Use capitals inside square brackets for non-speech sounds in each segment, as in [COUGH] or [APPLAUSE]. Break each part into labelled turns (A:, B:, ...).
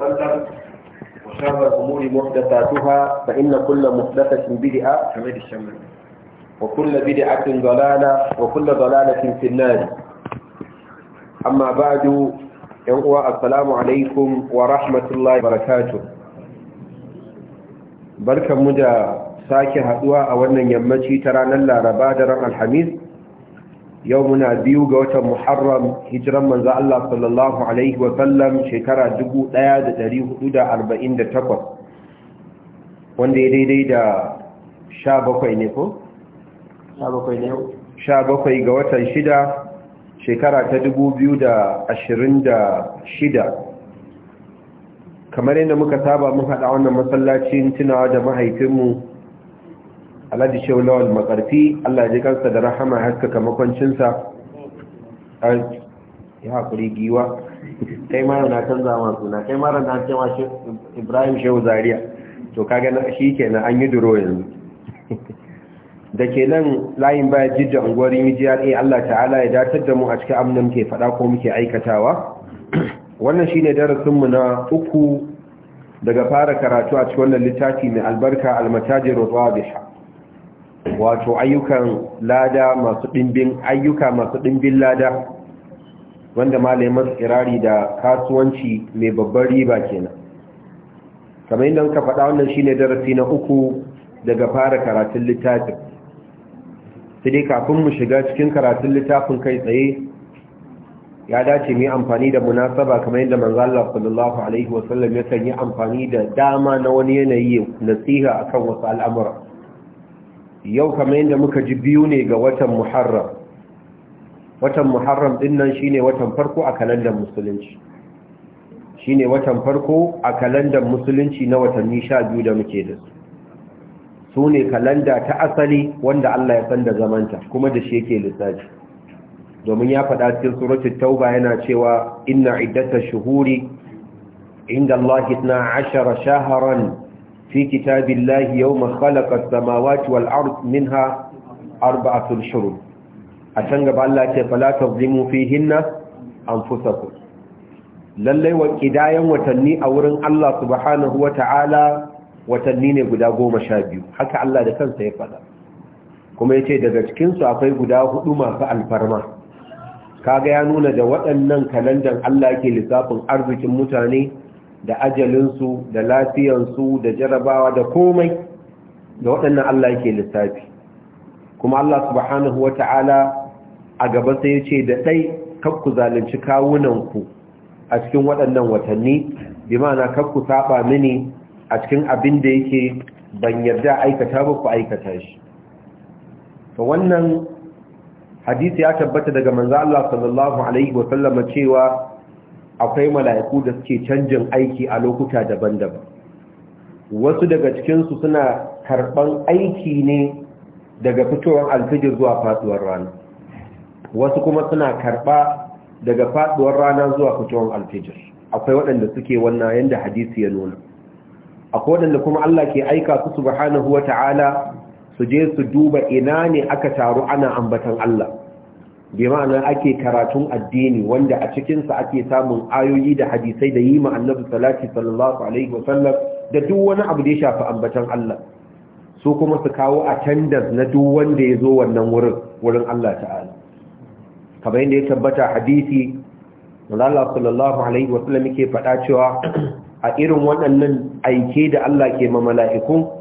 A: وسلم وشر الأمور محدثاتها فإن كل محدثة بدعة حميد الشمال وكل بدعة ضلالة وكل ضلالة في النار أما بعد يوم السلام عليكم ورحمة الله وبركاته بركة مدى sake haduwa a wannan yammaci ta ranar laraba da ran alhamis yau muna biyu ga watan muharram hijiran manzo Allah sallallahu alaihi wa sallam shekara 1448 wanda ya daidai da 17 ne ko 17 ne 17 ga watan 6 shekara ta 2026 kamar yadda muka saba mun hada wannan masallacin tunawa da mahaifinmu alhaji shaulawar makarfi allah ji kansa da rahama haskaka makwancinsa a ya haƙuri giwa kai mara na canza zama suna kai mara na cewa ibrahim shehu zaria to kaga na shi ke na an yi duro yanzu da ke nan layin baya jidda unguwar gra allah ta'ala ya datar da mu a cikin amnan ke faɗa ko muke aikatawa wannan shi ne darasinmu na uku daga fara karatu a cikin wannan littafi mai albarka almatajin rubawa da sha wato ayyukan lada masu ɗimbin ayyuka masu ɗimbin lada wanda malamin kirari da kasuwanci mai babbar riba kenan kamar yadda ka faɗa wannan shine darasi na uku daga fara karatun littafin sai dai kafin mu shiga cikin karatun littafin kai tsaye ya dace mu yi amfani da munasaba kamar yadda manzo Allah sallallahu alaihi wasallam ya yi amfani da dama na wani yanayi nasiha akan wasu al'amura yau kamar yadda muka ji biyu ne ga watan muharram watan muharram din nan shine watan farko a kalandar musulunci shine watan farko a kalandar musulunci na watanni sha biyu da muke da su su ne kalanda ta asali wanda Allah ya san da zamanta kuma da shi yake lissafi domin ya faɗa cikin suratul tauba yana cewa inna iddatash shuhuri inda Allah 12 shahran في كتاب الله يوم خلق السماوات والأرض منها أربعة شرب أشنغ بالله فلا تظلموا فيهن أنفسكم lallai wa watanni a wurin Allah subhanahu wa ta'ala watanni ne guda goma sha biyu haka Allah da kansa ya faɗa kuma ya ce daga cikinsu akwai guda hudu masu alfarma kaga ya nuna da waɗannan kalandan Allah ke lissafin arzikin mutane da ajalinsu da lafiyansu da jarabawa da komai da waɗannan Allah yake lissafi kuma Allah subhanahu wata'ala a gaba sai yace ce da ɗai kakku zalunci kawunanku a cikin waɗannan watanni bi ma'ana kakku saba mini a cikin abin da yake ban yarda aikata ba ku aikata shi to wannan hadisi ya tabbata daga manzo Allah sallallahu alaihi wa sallama cewa akwai mala'iku da suke canjin aiki a lokuta daban-daban wasu daga cikinsu suna karɓan aiki ne daga fitowar alfijir zuwa faduwar rana wasu kuma suna karɓa daga faduwar rana zuwa fitowar alfijir akwai waɗanda suke wannan yadda hadisi ya nuna akwai waɗanda kuma Allah ke aika su subhanahu wata'ala su je su duba ina ne aka taru ana ambatan Allah bi ma'ana ake karatun addini wanda a cikinsa ake samun ayoyi da hadisai da yi ma annabi salati sallallahu alaihi wasallam da duk wani abu da ya shafi ambatan Allah su kuma su kawo attendance na duk wanda ya zo wannan wurin wurin Allah ta'ala kamar yadda ya tabbata hadisi Allah sallallahu alaihi wasallam yake faɗa cewa a irin waɗannan aike da Allah ke ma mala'ikun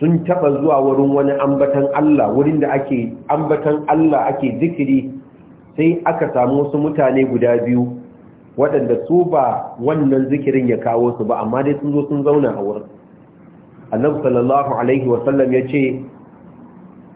A: sun taba zuwa wurin wani ambatan Allah wurin da ake ambatan Allah ake zikiri sai aka samu wasu mutane guda biyu waɗanda su ba wannan zikirin ya kawo su ba amma dai sun zo sun zauna a wurin annabi sallallahu alaihi wasallam ya ce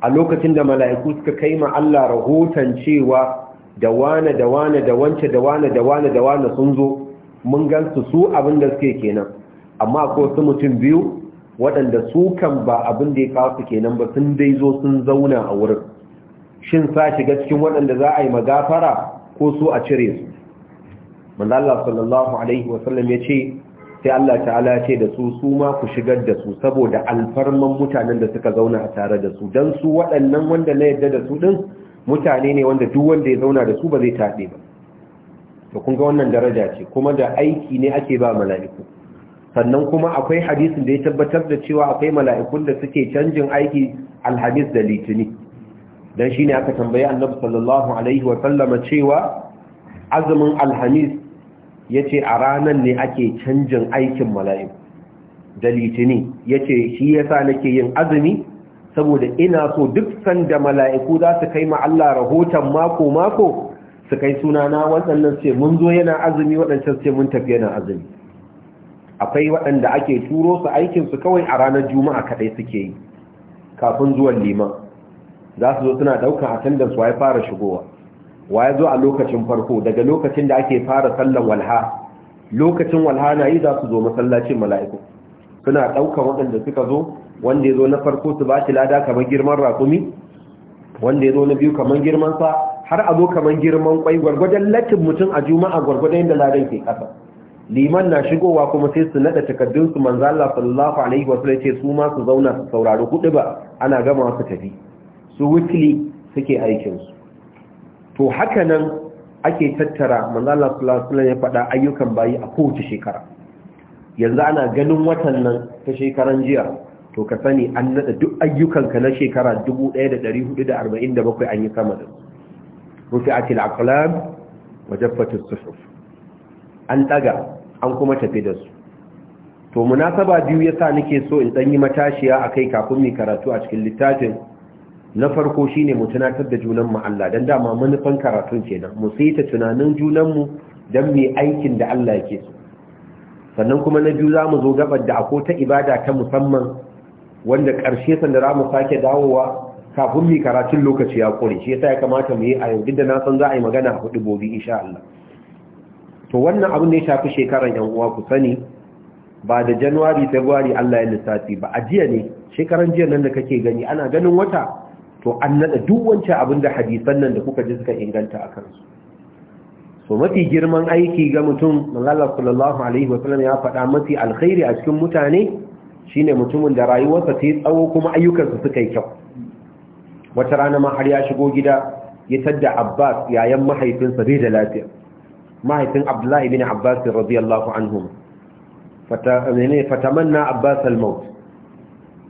A: a lokacin da mala'iku suka kai ma Allah rahoton cewa da wane da wane da wance da wane da wane da wane sun zo mun gan su abin da suke kenan amma ko su mutum biyu waɗanda su kan ba abin da ya kawo su kenan ba sun dai zo sun zauna a wurin shin sa shiga cikin waɗanda za a yi magafara ko su a cire su manzo sallallahu alaihi wasallam ya ce sai Allah ta'ala ya ce da su su ma ku shigar da su saboda alfarman mutanen da suka zauna a tare da su don su waɗannan wanda na yadda da su ɗin, mutane ne wanda duk wanda ya zauna da su ba zai taɗe ba to kun ga wannan daraja ce kuma da aiki ne ake ba mala'iku sannan kuma akwai hadisin da ya tabbatar da cewa akwai mala'ikun da suke canjin aiki alhamis da litini don shi ne aka tambayi annabi sallallahu alaihi wa cewa azumin alhamis ya ce a ranan ne ake canjin aikin mala'iku da litini ya ce shi ya sa nake yin azumi saboda ina so duk sanda mala'iku za su kai ma Allah rahoton mako-mako su kai sunana waɗannan ce mun zo yana azumi waɗancan ce mun tafi yana azumi akwai waɗanda ake turo su aikinsu kawai a ranar juma'a kaɗai suke yi kafin zuwan liman za su zo suna ɗaukan attendance waye fara shigowa waye zo a lokacin farko daga lokacin da ake fara sallan walha lokacin walha na yi za su zo masallacin mala'iku suna ɗaukan waɗanda suka zo wanda ya zo na farko su ba shi lada kamar girman rakumi wanda ya zo na biyu kamar girman sa har a zo kamar girman kwai gwargwadon latin mutum a juma'a gwargwadon yadda ladan ke kasa liman na shigowa kuma sai su nada takaddun su manzo Allah sallallahu alaihi wa ce su ma su zauna su saurari hudu ba ana gama su tafi su wukili suke aikin su to haka nan ake tattara manzo Allah sallallahu alaihi wa ya faɗa ayyukan bayi a kowace shekara yanzu ana ganin watan nan ta shekaran jiya to ka sani an nada duk ayyukanka na shekara 1447 an yi sama da rufi'atil aqlam wa jaffatus suhuf an ɗaga an kuma tafi da su to munasaba biyu yasa nake so in ɗanyi matashiya a kai kafin mai karatu a cikin littafin na farko shine mu tunatar da junan mu Allah dan dama manufan karatun kenan mu sai ta tunanin junanmu dan mai aikin da Allah yake so sannan kuma na biyu zamu zo gabar da ako ta ibada ta musamman wanda ƙarshe sanda za mu sake dawowa kafin mai karatun lokaci ya kore shi yasa ya kamata mu yi a yau da na san za a yi magana a hudu gobe insha Allah to wannan abin da ya shafi shekarar yan uwa ku sani ba da january february Allah ya lissafi ba a jiya ne shekaran jiya nan da kake gani ana ganin wata to an nada duk wancan abin da hadisan nan da kuka ji suka inganta a kansu so mafi girman aiki ga mutum manzala sallallahu alaihi sallam ya faɗa mafi alkhairi a cikin mutane shine mutumin da rayuwarsa ta yi tsawo kuma ayyukansa suka yi kyau wata rana ma har ya shigo gida ya tadda abbas yayan mahaifinsa bai da lafiya mahaifin abdullahi bin abbas radiyallahu anhu fatamanna abbas al-maut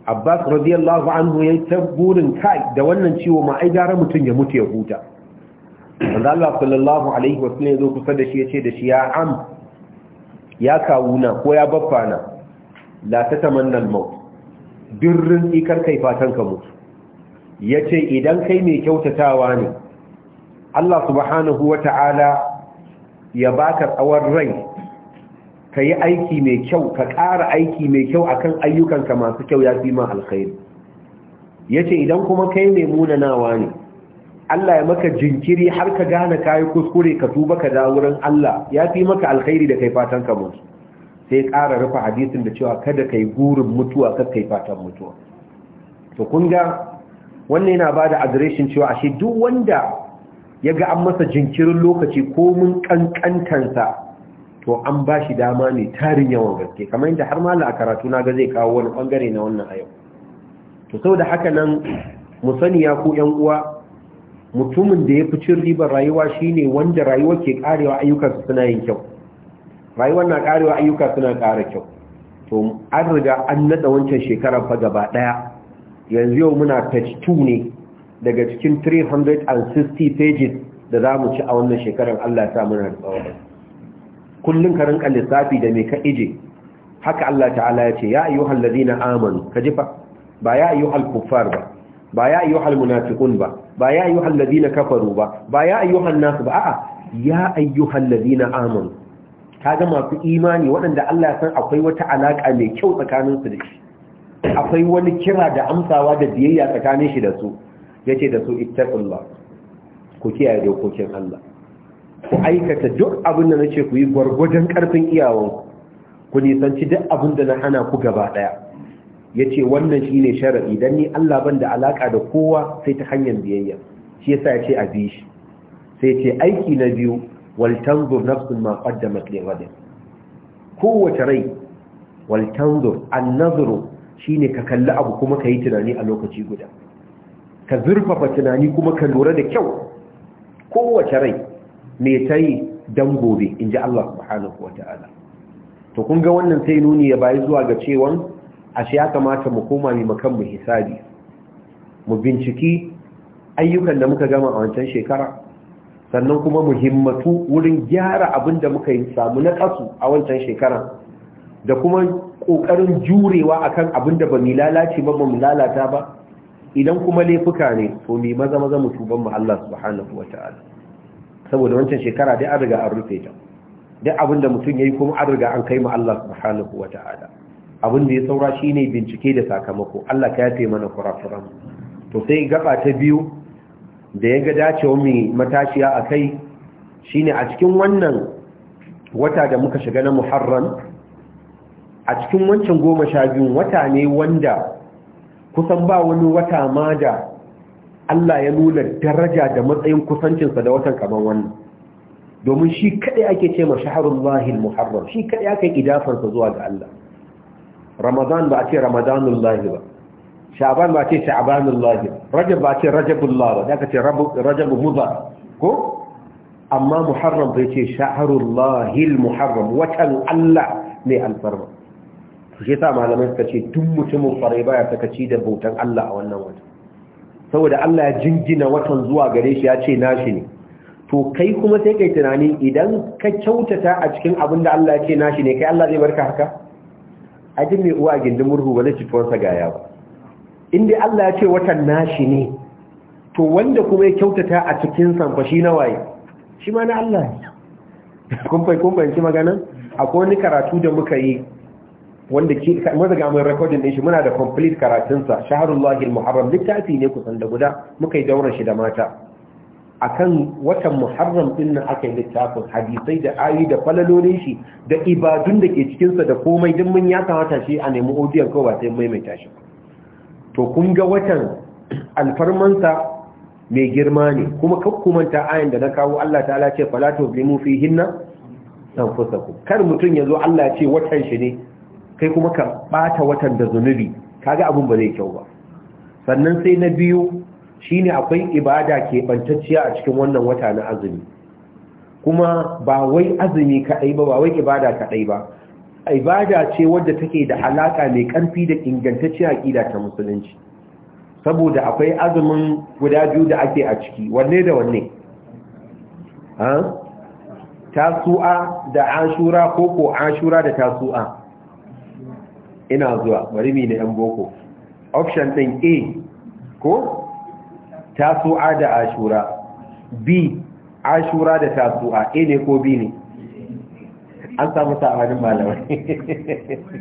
A: abbas radiyallahu anhu yayi ta burin kai da wannan ciwo ma ai gara mutum ya mutu ya huta manzo Allah sallallahu alaihi wasallam zo kusa da shi ya ce da shi ya am ya kawuna ko ya baffana la tatamanna al-maut Birrin, ikar kai fatan ka mutu Ya ce idan kai mai kyautatawa ne Allah subhanahu wata'ala ya baka tsawon rai ka yi aiki mai kyau ka ƙara aiki mai kyau akan ayyukanka masu kyau ya fi ma alkhairi ya ce idan kuma kai mai munanawa ne Allah ya maka jinkiri har ka gane kayi kuskure ka tuba ka dawo wurin Allah ya fi maka alkhairi da kai fatan ka mutu sai ƙara rufe hadisin da cewa kada kai gurin mutuwa kada kai fatan mutuwa to kun ga wannan yana ba da adireshin cewa ashe duk wanda ya ga an masa jinkirin lokaci ko mun kankantansa to an ba shi dama ne tarin yawan gaske kamar yadda har mala a karatu na ga zai kawo wani bangare na wannan a yau to sau da haka nan mu ko yan uwa mutumin da ya fi cin ribar rayuwa shine wanda rayuwa ke karewa su suna yin kyau rayuwar na karewa ayyuka suna kara kyau to an riga an naɗa wancan shekarar fa gaba ɗaya. yanzu yau muna touch 2 ne daga cikin 360 pages da za mu ci a wannan shekarar Allah ta muna da tsawon kullum ka rinka lissafi da mai ka ije haka Allah ta'ala ya ce ya ayyuhal ladina amanu ka jifa ba ya ayyuhal kuffar ba ba ya ayyuhal munafiqun ba ba ya ayyuhal ladina kafaru ba ba ya ayyuhan nas ba a'a ya ayyuhal ladina amanu ga masu imani waɗanda Allah ya san akwai wata alaƙa mai kyau tsakaninsu da shi akwai wani kira da amsawa da biyayya tsakanin shi da su yace da su ittaqullah ku kiyaye dokokin Allah ku aikata duk abin da nace ku yi gwargwajen karfin iyawon ku nisanci duk abin da na hana ku gaba Ya yace wannan shine sharaɗi dan ni Allah ban da alaƙa da kowa sai ta hanyar biyayya shi yasa ce a bi shi sai yace aiki na biyu wal tanzur nafsun ma qaddamat li ghadin kowace rai wal tanzur shine ka kalli abu kuma ka yi tunani a lokaci guda ka zurfafa tunani kuma ka lura da kyau kowace rai me ta yi don gobe in ji Allah subhanahu wa ta'ala to kun ga wannan sai nuni ya bayi zuwa ga cewan ashe ya kamata mu koma ne makan mu hisabi mu binciki ayyukan da muka gama a wancan shekara sannan kuma mu himmatu wurin gyara abin da muka yi samu na ƙasu a wancan shekara da kuma ƙoƙarin jurewa akan abin da ba mu lalace ba ba mu lalata ba idan kuma laifuka ne to mai maza maza mu ban mu Allah subhanahu ta'ala saboda wancan shekara dai an riga an rufe ta duk abin da mutum yayi kuma an riga an kai mu Allah subhanahu ta'ala abin da ya saura shine bincike da sakamako Allah ka yafe mana kurafuran to sai gaba ta biyu da ya ga dacewa mai matashiya a kai shine a cikin wannan wata da muka shiga na muharram a cikin wancan goma sha biyun wata ne wanda kusan ba wani wata ma da Allah ya nuna daraja da matsayin kusancinsa da watan kaman wannan domin shi kaɗai ake ce ma shaharun lahil muharram shi kaɗai aka yi idafarsa zuwa ga Allah ramadan ba a ce ramadanun lahi ba sha'ban ba a ce sha'banun lahi rajab ba a ce rajabun lahi ba da aka ce rajabun muza ko amma muharram bai ce shaharun lahil muharram watan Allah mai alfarma su ke sa malamai suka ce tun mutumin kwarai baya ci da bautan Allah a wannan wata saboda Allah ya jingina watan zuwa gare shi ya ce nashi ne to kai kuma sai kai tunani idan ka kyautata a cikin abin da Allah ya ce nashi ne kai Allah zai barka haka jin mai uwa gindin murhu ba zai ci tuwon gaya ba inda Allah ya ce watan nashi ne to wanda kuma ya kyautata a cikin sanfa shi na waye shi ma na Allah kun fai kun fahimci magana akwai wani karatu da muka yi wanda ke mun riga din shi muna da complete karatun sa shahrullahi muharram littafi ne kusan da guda muka yi dauran shi da mata akan watan muharram din nan aka yi littafin hadisai da ayi da falalolin shi da ibadun da ke cikin sa da komai din mun ya kamata shi a nemi odiyan ko ba sai maimaita shi to kun ga watan alfarman sa mai girma ne kuma kakkumanta ayin da na kawo Allah ta'ala ce fala tuzlimu fihinna anfusakum kar mutun yazo Allah ce watan shi ne kai kuma ka ɓata watan da zunubi kaga abin ba zai kyau ba sannan sai na biyu shine akwai ibada keɓantacciya a cikin wannan wata na azumi kuma ba wai azumi kaɗai ba ba wai ibada kaɗai ba ibada ce wadda take da alaƙa mai ƙarfi da ingantacciya aƙida ta musulunci saboda akwai azumin guda biyu da ake a ciki wanne da wanne tasu'a da ashura ko ko ashura da tasu'a ina zuwa bari mi na yan boko option din a ko tasu'a da ashura b ashura da tasu'a a ne ko b ne an samu sabanin malamai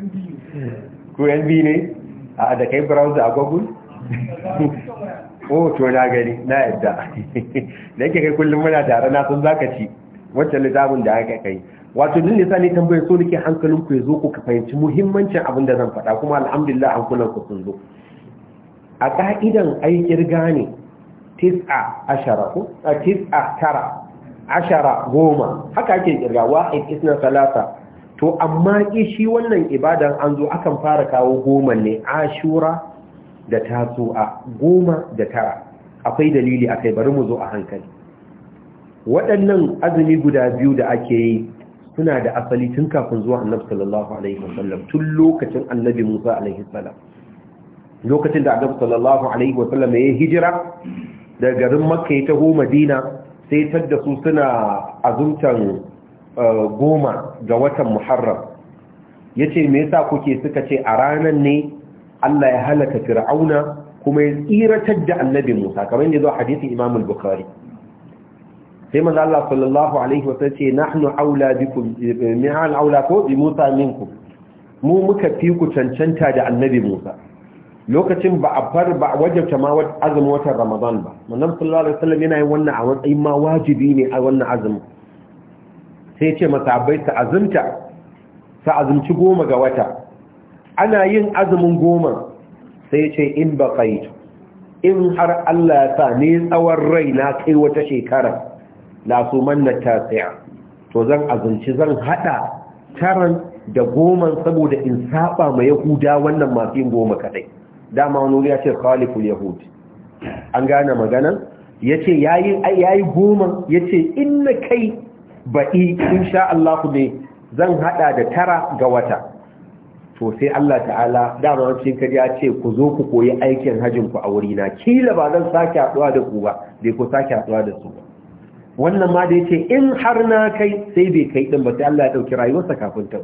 A: [LAUGHS] ko yan b ne a da kai browser a google [LAUGHS] oh to na gani na yadda [LAUGHS] da yake kai kullum muna tare na sun zaka ci wancan littafin da aka kai wato din ne sani tambayar so nake hankalin ku ya zo ku fahimci muhimmancin abin da zan faɗa kuma alhamdulillah kula ku sun zo a ka'idan ai kirga ne tis'a ashara ko a tis'a tara ashara goma haka ake kirga wa isna salasa to amma ki shi wannan ibadan an zo akan fara kawo goma ne ashura da tasu'a goma da tara akwai dalili akai bari mu zo a hankali waɗannan azumi guda biyu da ake yi suna da asali tun kafin zuwa annabi sallallahu alaihi wasallam tun lokacin annabi Musa alaihi salam lokacin da annabi sallallahu alaihi wasallam ya hijira daga garin Makka ya taho Madina sai tadda su suna azumtan uh, goma ga watan Muharram yace me yasa kuke suka ce a ranan ne Allah ya halaka Fir'auna kuma ya tsiratar da annabi Musa kamar yadda zo hadisin Imam al-Bukhari sai maza Allah sallallahu alaihi wa sallam ce nahnu aula bikum mi'al aula ko bi Musa minku mu muka fi ku cancanta da annabi Musa lokacin ba a far ba a wajabta ma azumin watan Ramadan ba manzo sallallahu alaihi wa yana yin wannan a matsayin ma wajibi ne a wannan azumin sai ce masabai ta azumta ta azumci goma ga wata ana yin azumin goma sai ce in ba in har Allah ya sa ne tsawon raina kai wata shekara la su manna tasi'a to zan azunci zan hada taran da goma saboda in saba ma yahuda wannan masu yin goma kadai dama wani wuri ya ce khaliful yahud an gane maganan yace yayi yayi yi goma ya ce inna kai ba'i, insha Allah ne zan haɗa da tara ga wata to sai Allah ta'ala dama wancin kari ya ce ku zo ku koyi aikin ku a wurina kila ba zan sake haɗuwa da ku ba bai ku sake haɗuwa da su ba wannan ma da ce in har na kai sai bai kai din ba sai Allah ya dauki rayuwarsa kafin ta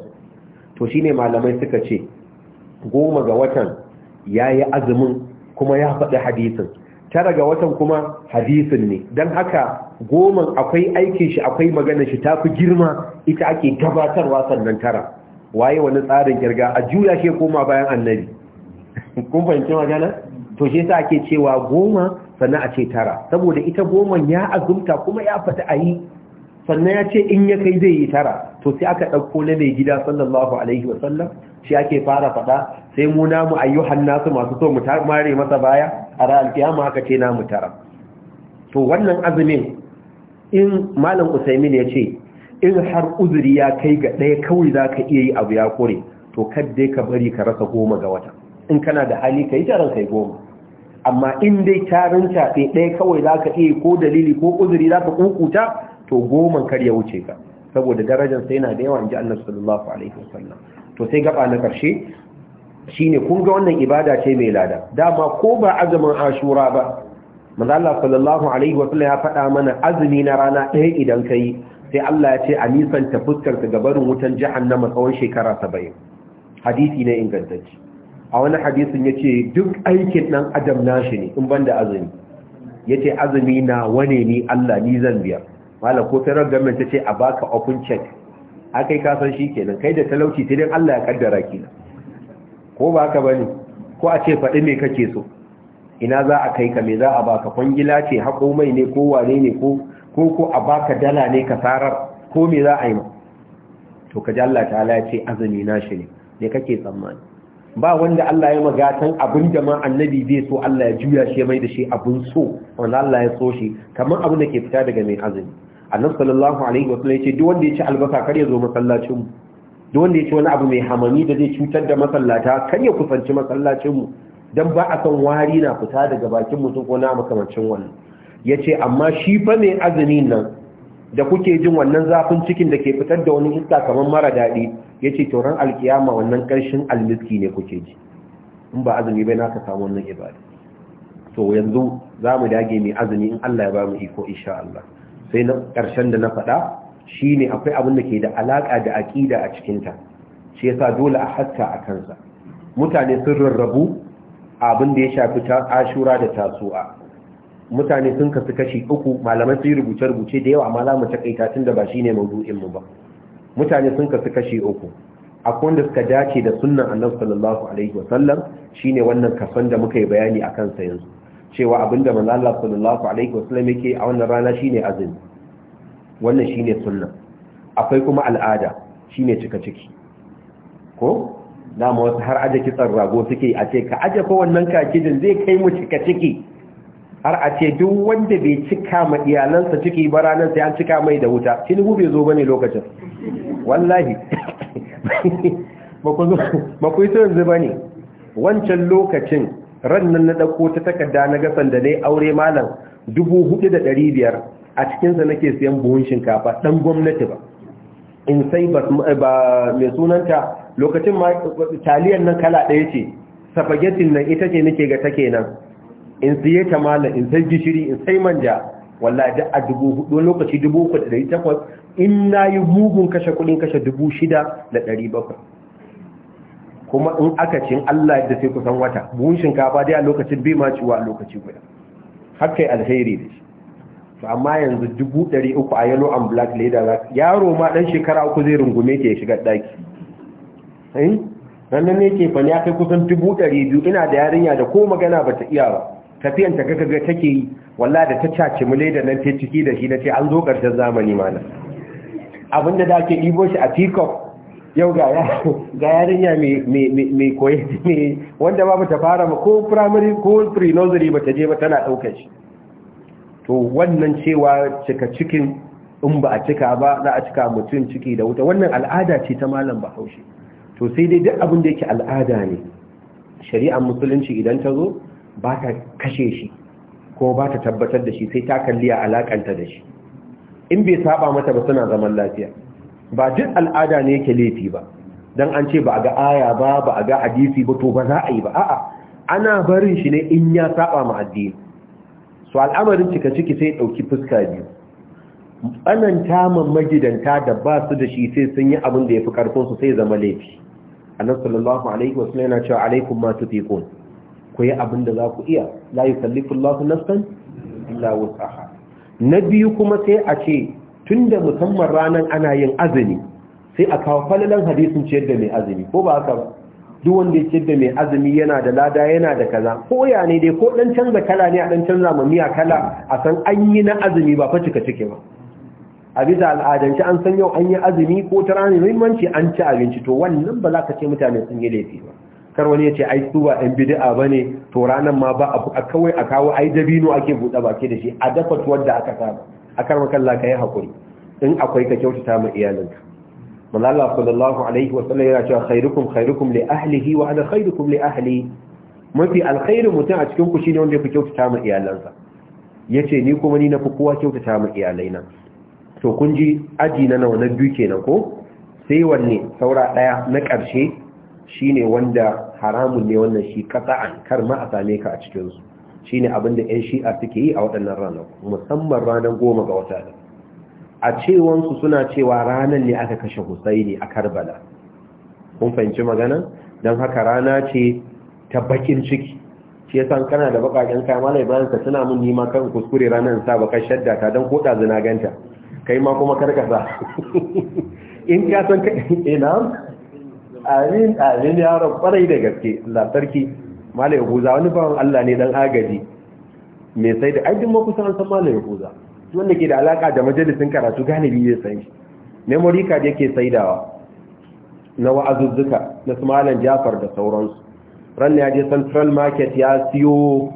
A: to shine malamai suka ce goma ga watan yayi azumin kuma ya faɗi hadisin tara ga watan kuma hadisin ne don haka goma akwai aikin shi akwai maganar shi ta fi girma ita ake gabatarwa sannan tara waye wani tsarin kirga a juya shi koma bayan annabi [LAUGHS] kun fahimci magana to shi yasa ake cewa goma sannan a ce tara saboda ita goma ya azumta kuma ya fata a yi sannan ya ce in ya kai zai yi tara to sai aka ɗauko na mai gida sallallahu alaihi wasallam shi ake fara faɗa sai mu namu ayyuhan nasu masu so mu mare masa baya a ra'al kiyama aka ce namu tara to wannan azumin in malam usaimin ya ce in har uzuri ya kai ga ɗaya kawai za ka iya yi abu ya kore to kadda ka bari ka rasa goma ga wata in kana da hali ka yi taron kai goma amma in dai tarin tafe ɗaya kawai za ka iya ko dalili ko uzuri za ka kukuta to goma kar ya wuce ka saboda darajar sai na da yawa in ji Allah sallallahu alaihi wasallam to sai gaba na karshe shine kun ga wannan ibada ce mai lada dama ko ba azumin ashura ba manzo Allah sallallahu alaihi wasallam ya faɗa mana azumi na rana ɗaya idan kai sai Allah ya ce a nisanta fuskar ka gabarin wutan jahannama tsawon shekara 70 hadisi ne ingantacce a wani hadisin ce duk aikin ɗan adam nashi ne in da azumi Ya ce azumi na wane ni Allah ni zan biya mala ko tarar ta ce a baka open check akai shi shi nan, kai da talauci ta dan Allah ya kaddara ki ko ba ka bane ko a ce faɗi me kake so ina za a kai ka me za a baka kwangila ce hako mai ne ko wane ne ko ko a baka dala ne ka sarar ko me za a yi ma to kaji Allah ta'ala ya ce azumi na shi ne ne kake tsammani ba wanda Allah ya magatan abin da ma annabi zai so Allah ya juya shi mai da shi abin so wanda Allah ya so shi kamar abu da ke fita daga mai azumi annabi sallallahu alaihi wasallam ya ce duk wanda ya ci albasa kar ya zo masallacin mu duk wanda ya ci wani abu mai hamami da zai cutar da masallata kar ya kusanci masallacin mu dan ba a san wari na fita daga bakin mutum ko na makamancin wannan yace amma shi fa mai azumin nan da kuke jin wannan zafin cikin da ke fitar da wani iska kamar mara daɗi ya ce tauran alkiyama wannan ƙarshen almiski ne kuke ji in ba azumi bai naka samu wannan ibada to yanzu za mu dage mai azumi in Allah ya ba mu iko insha Allah sai na ƙarshen da na faɗa shi ne akwai abin da ke da alaƙa da aƙida a cikinta shi sa dole a hatta a kansa mutane sun rarrabu abin da ya shafi ashura da tasu'a mutane sun kasu kashi uku malaman sun rubuce-rubuce da yawa amma za mu takaita tun da ba shi ne mu ba mutane sun kasu kashi uku akwai wanda suka dace da sunan annabi sallallahu alaihi wasallam shine wannan kasan da muka yi bayani akan sa yanzu cewa abinda manzo Allah sallallahu alaihi wasallam yake a wannan rana shine azumi wannan shine sunna akwai kuma al'ada shine cika ciki ko dama wasu har aje kitsan rago suke a ce ka aje ko wannan kakijin zai kai mu cika ciki har a ce duk wanda bai cika ma iyalansa ciki ba ranar sai an cika mai da wuta tinubu bai zo bane lokacin wallahi [LAUGHS] ba ku yanzu ba yanzu wancan lokacin rannan na ɗauko ta takarda na gasan da dai aure malam dubu a cikinsa nake siyan buhun shinkafa ɗan gwamnati ba in sai ba mai sunanta lokacin ma taliyan nan kala ɗaya ce safagetin nan ita ce nake ga ta kenan. in siye ta malam in san gishiri in sai manja wallahi da a dubu hudu lokaci dubu uku da takwas in na yi mugun kashe kudin kashe dubu shida da dari bakwai kuma in aka ce Allah da sai kusan wata buhun shinkafa dai a lokacin bai maciwa a lokaci guda har kai alheri ne to amma yanzu dubu dari uku a yellow and black leader yaro ma dan shekara uku zai rungume ke shiga eh nan ne ke fa ya kai kusan dubu dari biyu ina da yarinya da ko magana bata iya ba tafiyan ta kaga take yi wallahi da ta caci mule da nan ce, ciki da shi na ce an zo karshen zamani mana abinda da ake ɗibo shi a tikop yau ga yarinya mai koyi ne wanda ba ta fara ba ko primary ko pre-nursery ba ta je ba tana ɗaukar shi to wannan cewa cika cikin in ba a cika ba za a cika mutum ciki da wuta wannan al'ada ce ta malam bahaushe to sai dai duk abin da yake al'ada ne shari'ar musulunci idan ta zo ba ta kashe shi ko ba ta tabbatar da shi sai ta kalli a alakanta da shi in bai saba mata ba suna zaman lafiya ba duk al'ada ne yake laifi ba Don an ce ba a ga aya ba ba a ga hadisi ba to ba za a yi ba a'a ana barin shi ne in ya saba ma addini so al'amarin cika ciki sai dauki fuska biyu tsananta ma magidanta da ba su da shi sai sun yi abin da ya fi karfin su sai zama laifi annabi sallallahu alaihi wasallam yana cewa alaikum ma tutiqun ku yi abin da za ku iya la yukallifu Allahu nafsan illa wus'aha na biyu kuma sai a ce tunda musamman ranar ana yin azumi sai a kawo falalan hadisin ciyar da mai azumi ko ba haka duk wanda ya ciyar da mai azumi yana da lada yana da kaza ko ya ne dai ko dan canza kala ne a dan canza ma miya kala a san an yi na azumi ba fa cika cike ba a bisa al'adance an san yau an yi azumi ko ta ranar muhimmanci an ci abinci to wannan ba za ka ce mutane sun yi laifi ba kar wani ya ce ai su ba ɗan bid'a ba ne to ranar ma ba a kawai a kawo ai dabino ake buɗe baki da shi a dafa tuwar da aka saba a yi haƙuri in akwai ka kyautata ma iyalinka malala sallallahu alaihi wa sallam yana cewa khairukum khairukum li ahlihi wa ana khairukum li ahli mafi alkhairu mutum a cikin ku shine wanda ya fi kyautata ma iyalansa yace ni kuma ni na fi kowa kyautata ma iyalaina to kun ji aji na nawa na biyu kenan ko sai wanne saura daya na ƙarshe shine wanda haramun ne wannan shi kasa'an kar ma a same ka a cikinsu shi ne abinda 'yan shi'a suke yi a waɗannan ranar musamman ranar goma ga wata da a cewansu suna cewa ranar ne aka kashe husaini a karbala kun fahimci magana don haka rana ce ta bakin ciki shi ya san kana da bakaken kayan mala ibrahim ka suna mun nima kan kuskure ranar sa bakar shadda ta don koda zina ganta kai ma kuma karkasa [LAUGHS] in ka san ka [LAUGHS] ina amin amin ya rab kwarai da gaske Allah sarki malai wani bawan Allah ne dan agaji mai sai da aikin makusa an san malai yahuza wanda ke da alaka da majalisin karatu galibi ya san shi memory card yake saidawa na wa'azuzzuka na su malam Jafar da sauransu ran ya je Central Market ya siyo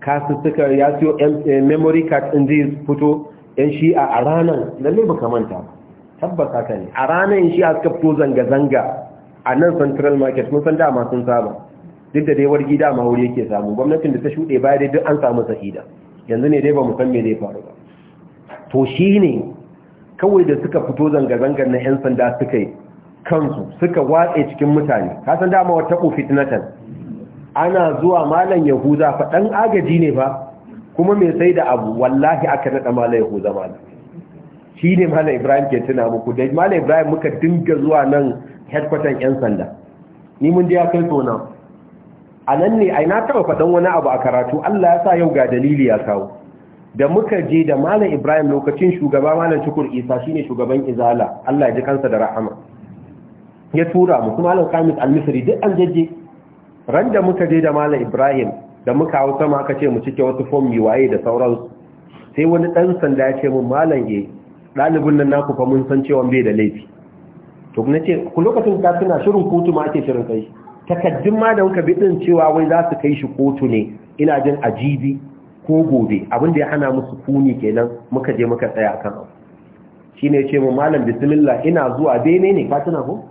A: kasussuka ya siyo eh, memory card in zai fito yan shi a ranar lalle baka manta tabbata ka ne a ranar shi shi'a suka fito zanga-zanga a nan central market mun san dama sun saba duk da dai wargi dama wuri yake samu gwamnatin da ta shuɗe baya dai duk an samu sa'ida yanzu ne dai ba mu san me zai faru ba to shi ne kawai da suka fito zanga-zangar na 'yan sanda suka yi kansu suka watse cikin mutane ka san dama wata fitnatan, ana zuwa malam yahuza fa dan agaji ne ba kuma mai sai da abu wallahi aka nada malam yahuza malam shi ne malam ibrahim ke tuna muku da malam ibrahim muka dinga zuwa nan headquarter yan sanda ni mun je ya kai tona a nan ne ai na taba faɗan wani abu a karatu Allah ya sa yau ga dalili ya kawo da muka je da malam Ibrahim lokacin shugaba malam Tukur Isa shine shugaban Izala Allah ya ji kansa da rahama ya tura mu kuma malam Kamis Al-Misri duk an jaje ran da muka je da malam Ibrahim da muka hau sama aka ce mu cike wasu form mi waye da sauransu sai wani dan sanda ya ce mun malam ye eh, ɗalibin nan naku fa mun san cewa bai da laifi to na ce ku lokacin ka shirin kotu ma ake shirin kai takaddun ma da kuka bi cewa wai za su kai shi kotu ne ina jin ajibi ko gobe abin da ya hana musu kuni kenan muka je muka tsaya kan abu shine ya ce mu malam bismillah ina zuwa bene ne ka tuna ko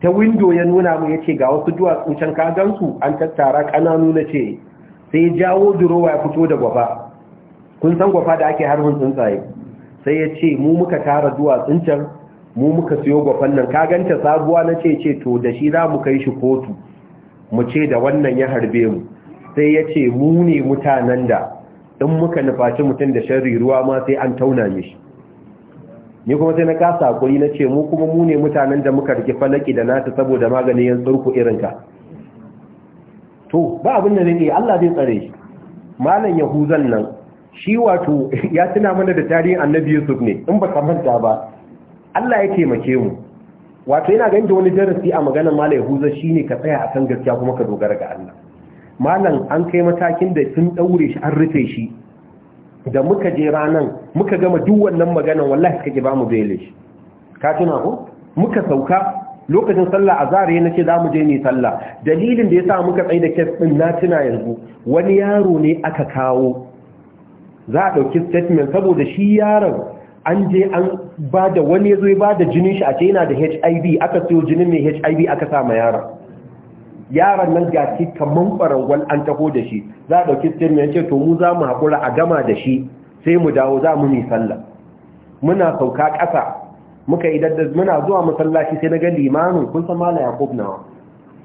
A: ta window ya nuna mu yace ga wasu duwatsu can ka gansu an tattara kananu na ce sai ya jawo durowa ya fito da gwafa kun san gwafa da ake harbin tsuntsaye sai ya ce mu muka tara duwatsun can mu muka siyo gwafan nan ka ganta sabuwa na ce ce to da shi za mu kai shi kotu mu ce da wannan ya harbe mu sai ya ce mu ne mutanen da in muka nufaci mutum da sharri ruwa ma sai an tauna mishi ni kuma sai na kasa hakuri na ce mu kuma mu ne mutanen da muka rike falaki da nata saboda maganin yan tsurku irinka to ba abin da zai Allah zai tsare shi malam yahuzan nan shi wato [LAUGHS] ya tuna mana da tarihin annabi yusuf ne in ba kamanta ba Allah ya taimake mu wato yana ganin da wani darasi a maganar malam Yahuza shine ka tsaya akan gaskiya kuma ka dogara ga Allah malam an kai matakin da sun daure shi an rufe shi da muka je ranan muka gama duk wannan maganar wallahi suka ki ba mu bele shi ka tuna ko muka sauka lokacin sallah azhar yana ce zamu je ni sallah dalilin da yasa muka tsaye da kes din na tuna yanzu wani yaro ne aka kawo za a dauki statement saboda shi yaron an je an ba da wani zo ba da jinin shi a ce yana da hiv aka siyo jinin mai hiv aka sa ma yaran. Yaran nan ga shi kaman an taho da shi za a ɗauki statement ce to mu za mu haƙura a gama da shi sai mu dawo za mu ni sallah muna sauka ƙasa muka yi da muna zuwa masallaci sai na ga limamin kun san mala yakub nawa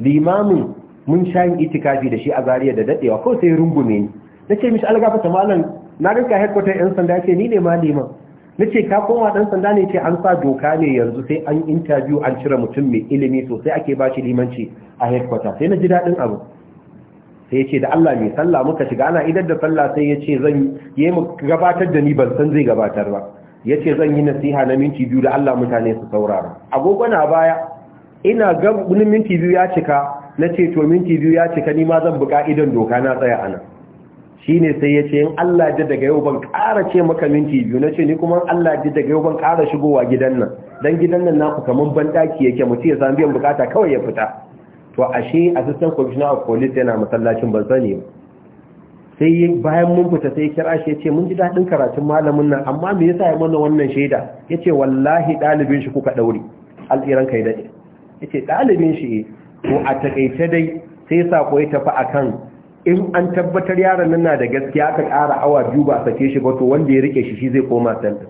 A: limamin mun sha yin itikafi da shi a zariya da daɗewa ko sai rungume ni na ce mishi algafa ta malam na ganka headquarter yan sanda ce ni ne ma liman na ce ka koma ɗan sanda ne ce an sa doka ne yanzu sai an intabiyu an cire mutum mai ilimi sosai ake ba shi limanci a headquarter sai na ji daɗin abu sai ya ce da Allah mai sallah muka shiga ana idar da sallah sai ya ce zan yi gabatar da ni ban san zai gabatar ba ya ce zan yi nasiha na minti biyu da Allah mutane su saurara agogo na baya ina ga minti biyu ya cika na ce to minti biyu ya cika ni ma zan buƙa idan doka na tsaya a nan Shi ne sai ya ce in Allah ji daga yau ban ƙara ce maka minti biyu na ce ni kuma Allah ji daga yau ban ƙara shigowa gidan nan dan gidan nan naku kaman ban daki yake mutum ya samu biyan bukata kawai ya fita to ashe assistant commissioner of police yana masallacin ban sani ba sai bayan mun fita sai kira shi ce mun ji daɗin karatun malamin nan amma me yasa ya mana wannan shaida Ya ce wallahi ɗalibin shi kuka ɗaure. al'iran kai Ya ce ɗalibin shi eh. to a taƙaice dai sai sako ya tafi akan in an tabbatar yaron nan na da gaskiya aka ƙara awa biyu ba a sake shi ba to wanda ya rike shi shi zai koma Sallah.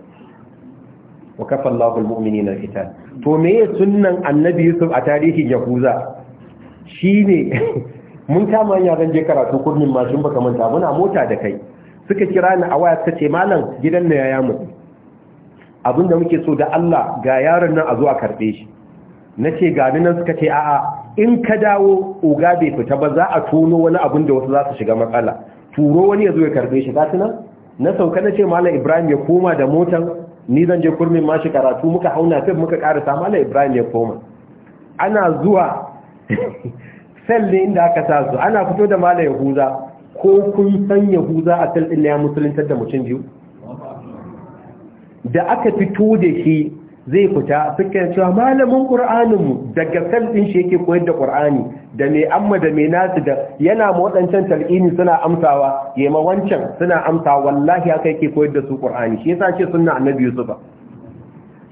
A: wa kafa Allahu almu'minina alqital to meye sunnan annabi Yusuf a tarihin Yahuza shine [LAUGHS] mun kama manya zan je karatu ma shin baka manta muna mota da kai suka kira ni a waya suka ce malam gidan na yaya abinda muke so da Allah ga yaron nan a zo a karbe shi na ce gani nan suka ce a'a in ka dawo oga bai fita ba za a tono wani abin da wasu za su shiga matsala turo wani ya zo ya karbe shi ga nan na sauka na ce malam ibrahim ya koma da motan ni zan je kurmin mashi karatu muka hauna fif muka karasa malam ibrahim ya koma ana zuwa [LAUGHS] sel ne inda aka sa su ana fito da malam yahuza ko kun san yahuza a sel din ya musulunta da mutum biyu da aka fito da shi zai fita suka cewa malamin ƙur'aninmu daga salɗin shi yake koyar da ƙur'ani da mai amma da mai nasu da yana ma waɗancan talƙini suna amsawa ya ma wancan suna amsawa wallahi aka yake koyar da su ƙur'ani shi yasa ce sunna annabi yusuf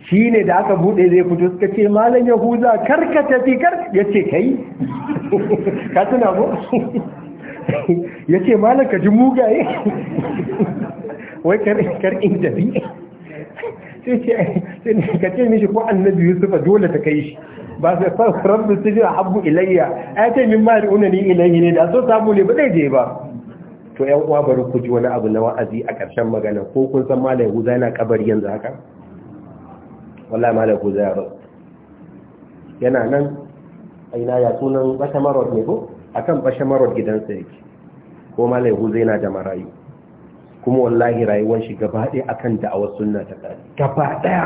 A: shi ne da aka buɗe zai fito suka ce malam yahuza kar ka tafi kar ya ce kai [LAUGHS] ka tuna ko [LAUGHS] ya ce malam ka ji mugaye [LAUGHS] wai kar in tafi sai ce sai ne ka ce mishi ko annabi yusufa dole ta kai shi ba sai fa rabbi sijin habbu ilayya ai ce min mari unani ilayhi ne da so samu ne ba zai je ba to yan uwa bari ku ji wani abu na wa'azi a ƙarshen magana ko kun san malam Yahuza yana kabari yanzu haka wallahi malam Yahuza ya rasu yana nan aina ya sunan bashamarot ne ko akan bashamarot gidansa yake ko malam Yahuza yana da marayu kuma wallahi rayuwar shi gaba ɗaya akan da'awar sunna ta kare gaba ɗaya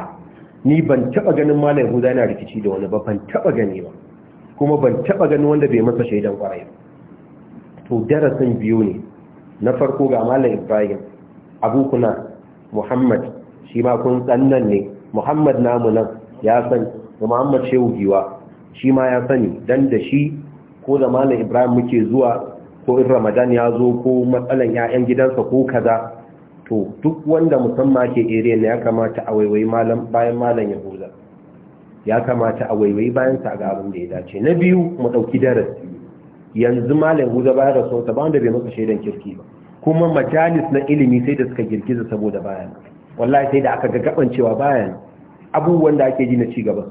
A: ni ban taɓa ganin malam yahuda yana rikici da wani ba ban taɓa gani ba kuma ban taɓa ganin wanda bai masa shaidan ba to darasin biyu ne na farko ga malam ibrahim abu muhammad shi ma kun tsannan ne muhammad namu nan ya san da muhammad shehu giwa shi ma ya sani dan da shi ko da malam ibrahim muke zuwa ko in ramadan ya zo ko matsalan 'ya'yan gidansa ko kaza to duk wanda musamman ke area na ya kamata a waiwai bayan malam ya huza ya kamata a waiwai bayan sa ga abin da ya dace na biyu mu dauki darasi yanzu malam huza baya da ta ba wanda bai maka shaidan kirki ba kuma majalis na ilimi sai da suka girgiza saboda bayan wallahi sai da aka ga gaban cewa bayan abubuwan da ake ji na ci gaba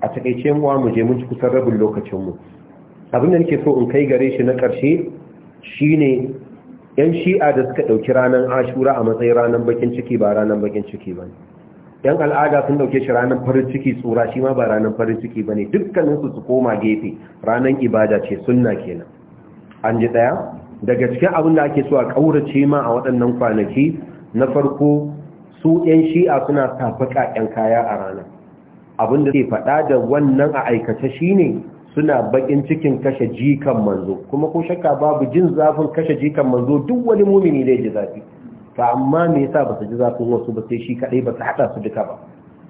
A: a takaice mu mu je mun ci kusan rabin lokacin mu abin da nake so in kai gare shi na ƙarshe shine yan shi'a da suka ɗauki ranar ashura a matsayin ranar bakin ciki ba ranar bakin ciki ba yan al'ada sun ɗauke shi ranar farin ciki tsura shi ma ba ranar farin ciki ba ne dukkaninsu su koma gefe ranar ibada ce sunna kenan an ji ɗaya daga cikin abin da ake so a ƙaurace ma a waɗannan kwanaki na farko su yan shi'a suna safaka yan kaya a ranar abin da ke faɗa da wannan a aikace shine suna bakin cikin kashe jikan manzo kuma ko shakka babu jin zafin kashe jikan manzo duk wani mumini zai ji zafi to amma me yasa ba su ji zafin wasu ba sai shi kadai ba su hada su duka ba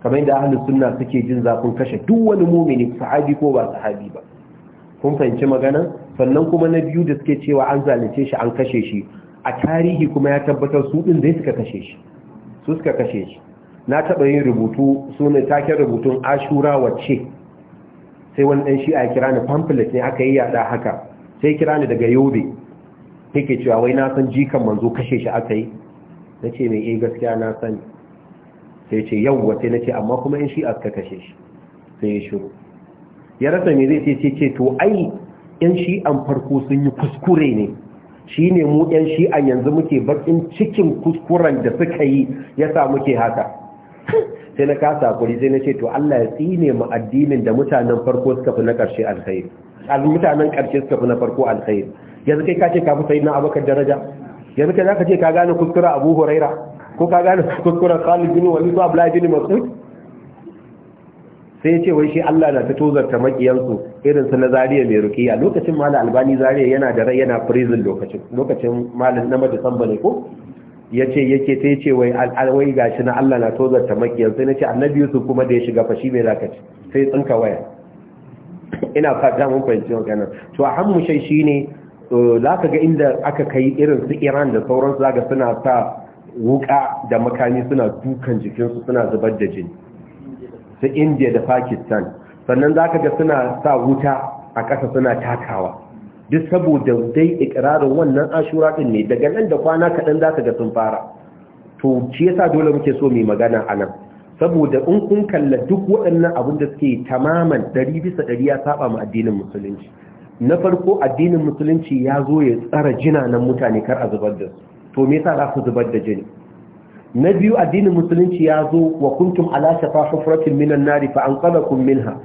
A: kamar yadda ahlus sunna suke jin zafin kashe duk wani mumini sahabi ko ba sahabi ba kun fahimci magana sannan kuma na biyu da suke cewa an zalunce shi an kashe shi a tarihi kuma ya tabbatar su din zai suka kashe shi su suka kashe shi na taba yin rubutu sunan taken rubutun ashura wacce sai wani ɗan shi a kira ni pamphlet ne aka yi yada haka sai kira ni daga yobe ke cewa wai na san jikan manzo kashe shi aka yi na ce mai iya eh, gaskiya na sani sai ce yawwa sai na ce amma kuma in shi aka kashe shi sai ya shiru ya rasa me zai ce ce to ai yan an farko sun yi kuskure ne shi ne mu yan shi an yanzu muke bakin cikin kuskuren da suka yi ya sa muke haka [LAUGHS] sai na kasa hakuri sai na ce to Allah ya tsine mu addinin da mutanen farko suka fi na ƙarshe alkhairi mutanen ƙarshe suka fi na farko alkhairi yanzu kai ka ce ka fi sai na abakar daraja yanzu kai zaka ce ka gane kuskura Abu Huraira ko ka gane kuskura Khalid bin Walid ko Abdullah bin Mas'ud sai ya ce wai shi Allah na ta tozarta makiyansu irin su na Zariya mai rukiya lokacin malam Albani Zariya yana da rai yana prison lokacin lokacin malam na Majisan bane ko Ya yace yake ta yi ce wai alwai shi na Allah na tozarta makiyan sai nace annabi Yusuf kuma da ya shiga fashi mai zakaci sai tsinka waya [LAUGHS] ina fata mun fahimci ganin to a shai shi ne, za ka ga inda aka kai irin su Iran da sauransu zaka suna sa wuka da makami suna dukan jikinsu suna zubar da jini su India da Pakistan sannan zaka ga suna sa wuta a ƙasa suna takawa duk saboda dai ikirarin wannan ashura din ne daga nan da kwana kaɗan za ka ga sun fara to shi yasa dole muke so mai magana a nan saboda in kun kalla duk waɗannan abin da suke tamaman ɗari bisa ɗari ya saba mu addinin musulunci na farko addinin musulunci ya zo ya tsara jinanan mutane kar a zubar da su to me yasa za ku zubar da jini na biyu addinin musulunci ya zo wa kuntum ala shafa hufratin minan nari fa anqadakum minha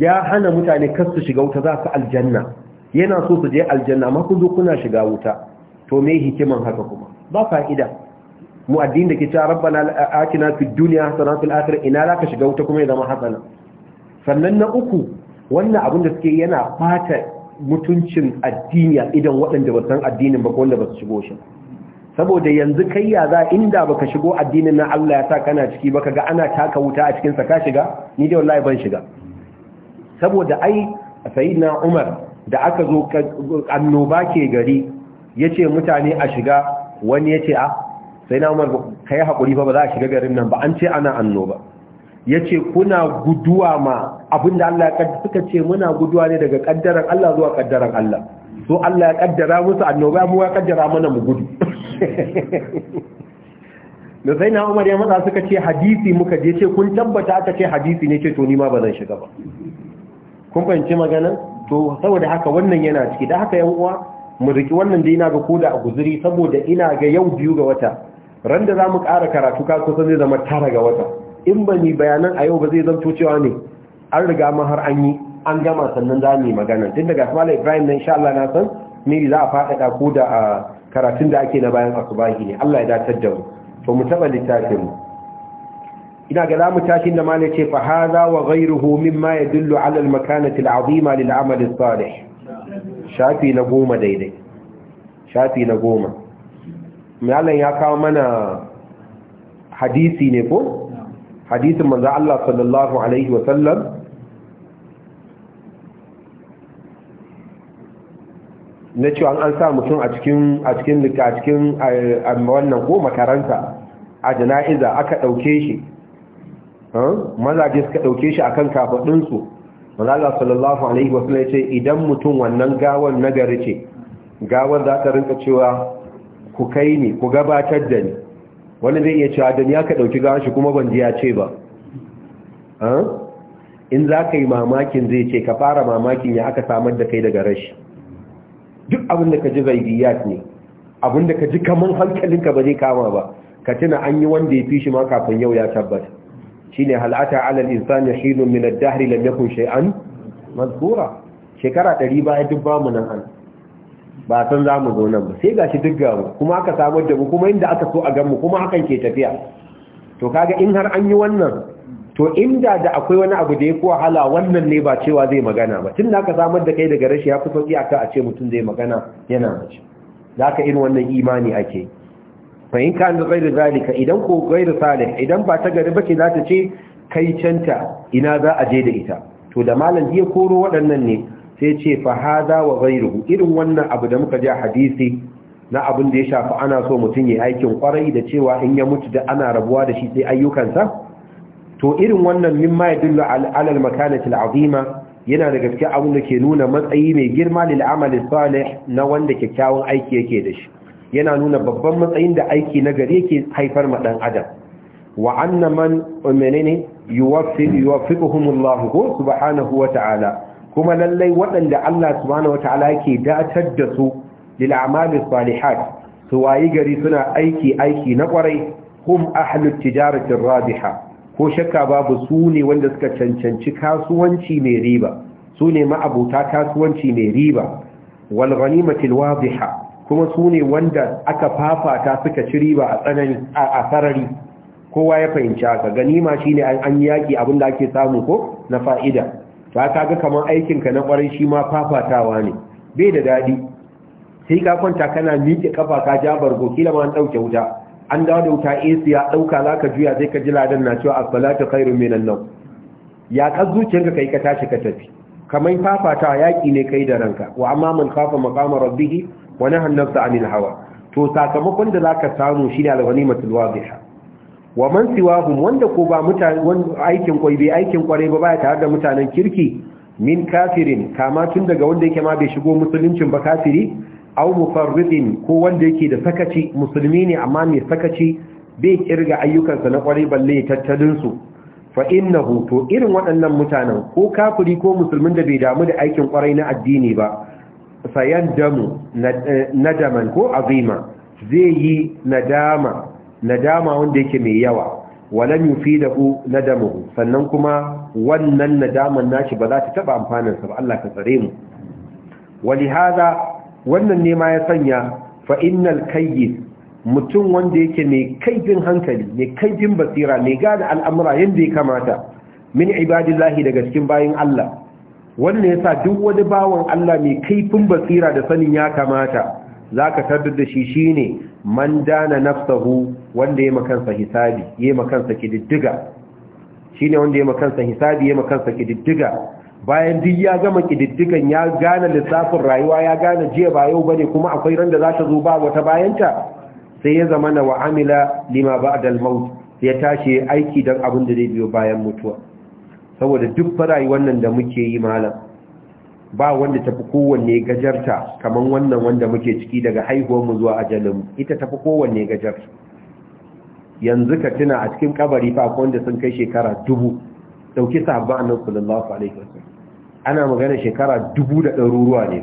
A: ya hana mutane kar su shiga wuta za su aljanna yana so su je aljanna amma ku zo kuna shiga wuta to me hikiman haka kuma ba fa'ida mu addini da ke cewa rabbana atina fid dunya hasanatan fil akhirah ina zaka shiga wuta kuma ya zama hasana sannan na uku wannan abin da suke yana fata mutuncin addini a idan waɗanda ba san addinin ba ko wanda ba su shigo shi saboda yanzu kai ya za inda baka shigo addinin na Allah ya sa kana ciki baka ga ana taka wuta a cikin sa ka shiga ni dai wallahi ban shiga saboda ai sayyidina Umar da aka zo annoba ke gari Ya ce mutane a shiga wani ya ce a ah, sai na Umar ka hakuri haƙuri ba za a shiga garin nan ba an ce ana annoba Ya ce kuna guduwa ma abinda Allah ya kaddara suka ce muna guduwa ne daga kaddaran Allah zuwa kaddaran Allah so Allah ya kaddara musu annoba mu ya kaddara mana mu gudu [LAUGHS] da sai na Umar ya matsa suka ce hadisi muka je ce kun tabbata aka ce hadisi ne ce to ni ma ba zan shiga ba kun fahimci maganar? to saboda haka wannan yana ciki da haka yan uwa mu riki wannan da ina ga koda a guzuri saboda ina ga yau biyu ga wata ran da zamu ƙara karatu ka kusan zai zama tara ga wata in ba ni bayanan a yau ba zai zanto cewa ne an riga ma har an yi an gama sannan za mu yi magana tun daga Malam Ibrahim dan insha Allah na san ni za a faɗaɗa koda a karatun da ake na bayan asubahi ne Allah ya dace da mu to mu taba littafin mu ina ga zamu tashi da malai ce fa hadha wa ghayruhu mimma yadullu ala al-makanati al-azima lil amal as-salih shafi na goma daidai shafi na goma malam ya kawo mana hadisi ne ko hadisin manzo Allah sallallahu alaihi wa sallam na cewa an sa mutum a cikin a cikin a cikin wannan ko makaranta a jana'iza aka ɗauke shi mazaje suka ɗauke shi akan kafaɗinsu manala sallallahu alaihi wasu ya ce idan mutum wannan gawar nagari ce gawar za ta rinka cewa ku kai ni ku gabatar da ni wani zai iya cewa dan ya ka ɗauki gawar shi kuma ban ji ya ce ba in za ka yi mamakin zai ce ka fara mamakin ya aka samar da kai daga rashi duk abin da ka ji zaidiyat ne abin da ka ji kaman hankalinka ba zai kama ba ka tuna an yi wanda ya fi shi ma kafin yau ya tabbata shine halata ala al-insani hinun min ad-dahr lam yakun shay'an mazkura shekara 100 bayan duk ba mu nan an ba san za mu zo nan ba sai gashi duk ga mu kuma aka samar da mu kuma inda aka so a gan mu kuma hakan ke tafiya to kaga in har an yi wannan to inda da akwai wani abu da ya fi wahala wannan ne ba cewa zai magana ba tun da aka samar da kai daga rashi ya fi sauki aka a ce mutum zai magana yana mace za ka irin wannan imani ake yi fahim ka da zalika idan ko gairu salih idan ba ta gari ba za ta ce kai canta ina za a je da ita to da malam ya koro waɗannan ne sai ce fa hada wa gairu irin wannan abu da muka ji a hadisi na abin da ya shafi ana so mutum ya aikin kwarai da cewa in ya mutu da ana rabuwa da shi sai ayyukansa to irin wannan mimma ya dillu alal makanati azima yana da gaske abin da ke nuna matsayi mai girma lil amali salih na wanda kyakkyawan aiki yake da shi yana nuna babban matsayin da aiki na gari yake haifar ma dan adam wa anna man menene yuwaffiquhumullahu ko subhanahu wa ta'ala kuma lallai waɗanda Allah subhanahu wa ta'ala yake datar da su lil a'mali salihat su wayi gari suna aiki aiki na kwarai hum ahlut tijarati rabiha ko shakka babu su ne wanda suka cancanci kasuwanci mai riba su ne ma'abuta kasuwanci mai riba wal ghanimati al wadiha kuma su ne wanda aka fafata suka ci riba a tsanani a sarari kowa ya fahimci haka ganima shine an yaki abin da ake samu ko na fa'ida ta kaga kamar aikin ka na kwarai shi ma fafatawa ne bai da dadi sai ka kwanta kana miƙe kafa ka ja bargo kila ma an dauke wuta an dawo da wuta AC ya dauka zaka juya sai ka ji ladan na cewa as-salatu khairun minan naw ya ka zuciyarka kai ka tashi ka tafi kamar fafatawa yaki ne kai da ranka wa amma man khafa maqama rabbih wani hannarsa anil hawa to sakamakon da za ka samu shi ne alghanimatul wadiha wa man siwahum wanda ko ba mutane aikin kwai bai aikin kwarai ba baya tare da mutanen kirki min kafirin kama tun daga wanda yake ma bai shigo musuluncin ba kafiri aw mufarridin ko wanda yake da sakaci musulmi ne amma mai sakaci bai kirga ayyukansa na kwarai balle tattalin su fa innahu to irin waɗannan mutanen ko kafiri ko musulmin da bai damu da aikin kwarai na addini ba fayan damu nadaman ko azima zai yi nadama nadama wanda yake mai yawa walam yufidahu nadamuhu sannan kuma wannan nadaman nashi ba za ta taba amfanin sa ba Allah ka tsare mu walihaza wannan ne ma ya sanya fa innal kayyis mutum wanda yake mai kaifin hankali mai kaifin basira mai gane al'amura yanda ya kamata min ibadillahi daga cikin bayin Allah wannan yasa duk wani bawan Allah mai kaifin basira da sanin ya kamata za ka taddar da shi shi ne man dana nafsahu wanda ya makansa hisabi ya makansa kididdiga ne wanda ya makansa hisabi ya makansa kididdiga bayan duk ya gama kididdigan ya gane lissafin rayuwa ya gane jiya ba yau bane kuma akwai ran da za ta zo ba wata bayanta sai ya zama na wa'amila lima ba'dal maut ya tashi aiki dan abin da zai biyo bayan mutuwa saboda duk farayi wannan da muke yi malam ba wanda tafi kowanne gajarta kamar wannan wanda muke ciki daga haihuwarmu zuwa ajalinmu ita tafi kowanne gajarta yanzu ka tuna a cikin kabari fa wanda sun kai shekara dubu dauki sahabban annabi sallallahu alaihi wasallam ana magana shekara dubu da ɗaruruwa ne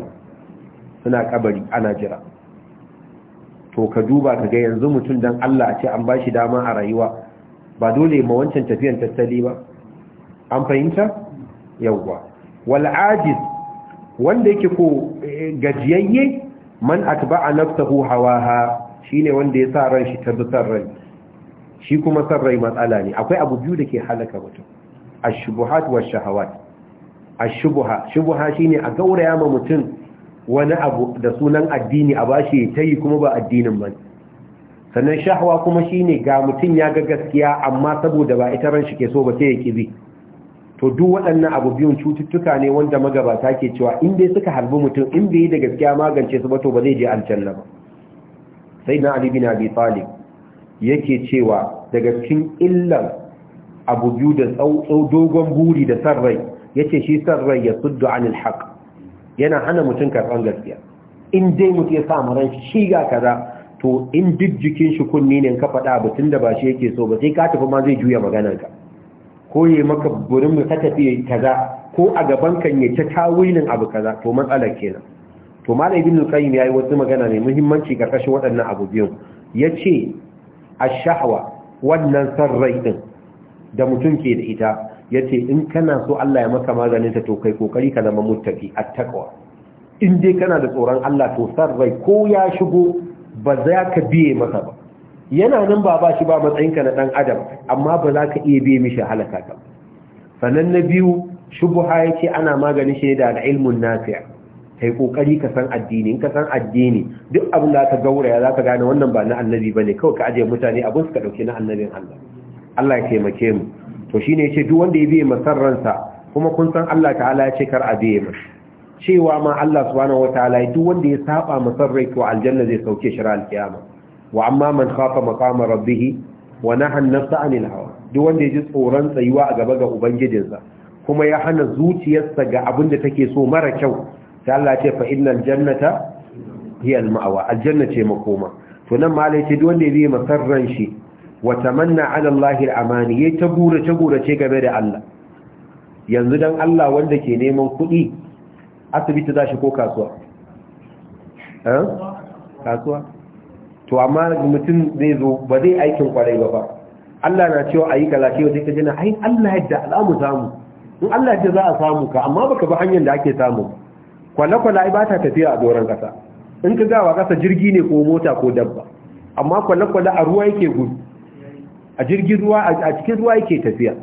A: suna kabari ana jira to ka duba ka ga yanzu mutum dan Allah a ce an bashi dama a rayuwa ba dole ma wancan tafiyan tattali ba an fahimta yawwa wal ajiz wanda yake ko eh, gajiyayye man atba'a nafsahu hawaha shine wanda ya sa ran shi ta san rai shi kuma san rai matsala ne akwai abu biyu dake halaka mutum ash-shubuhat shahawat ash-shubuha shubuha shine a gauraya ma mutum wani abu da sunan addini a bashi tayi kuma ba addinin ba sannan shahwa kuma shine ga mutum ya ga gaskiya amma saboda ba ita ran shi ke so ba sai ya kibi to duk waɗannan abu biyun cututtuka ne wanda magabata ke cewa in dai suka harbi mutum in bai yi da gaskiya magance su ba to ba zai je aljanna ba sai na ali bin abi talib yake cewa daga cikin illan abu biyu da tsautsau dogon buri da san rai yace shi san rai ya suddu anil haq, yana hana mutum karban gaskiya in dai mutum ya samu ran shi ga kaza to in duk jikin shi kunni ne ka faɗa abu da ba shi yake so ba sai ka tafi ma zai juya maganar ka ko yi maka burin ka tafi kaza ko a gaban kan ya ta tawilin abu kaza to matsalar kenan to malai ibn qayyim yayi wasu magana ne muhimmanci ga waɗannan abu biyun yace ash-shahwa wannan sarrai din da mutum ke da ita yace in kana so Allah ya maka maganin ta to kai kokari ka zama muttaqi at-taqwa in dai kana da tsoron Allah to sarrai ko ya shigo ba za ka biye maka ba yana nan ba ba shi ba matsayinka na dan adam amma ba za ka iya biye mishi halaka ka sannan na biyu shubuha ya ce ana maganin shi da al'ilmun nafiya. kai kokari ka san addini in ka san addini duk abin da ka gauraya za ka gane wannan ba na annabi bane kawai ka ajiye mutane abin su ka dauke na annabin Allah Allah ya taimake mu to shine yace duk wanda ya biye masarransa kuma kun san Allah ta'ala ya ce kar a biye mu. cewa ma Allah subhanahu wataala duk wanda ya saba masarrai to aljanna zai sauke shi ran kiyama wa amma man khafa maqama rabbih wa nahan nafsa anil hawa duk wanda ya ji tsoron tsayuwa a gaba ga ubangijinsa kuma ya hana zuciyarsa ga abin da take so mara kyau sai Allah ya ce fa innal jannata hiya al ma'wa aljanna ce makoma to nan malai ce duk wanda ya bi masarran shi wa tamanna ala Allah al amani yayi ta gura ta gura ce game da Allah yanzu dan Allah wanda ke neman kuɗi asibiti za shi ko kasuwa eh kasuwa to amma mutum zai zo ba zai aikin kwarai ba ba Allah na cewa ayi kaza sai wata kaje na ai Allah ya da alamu samu in Allah ce za a samu ka amma baka bi hanyar da ake samu kwala kwala ai ba ta tafiya a doron kasa in ka gawa kasa jirgi ne ko mota ko dabba amma kwala kwala a ruwa yake gudu a jirgin ruwa a cikin ruwa yake tafiya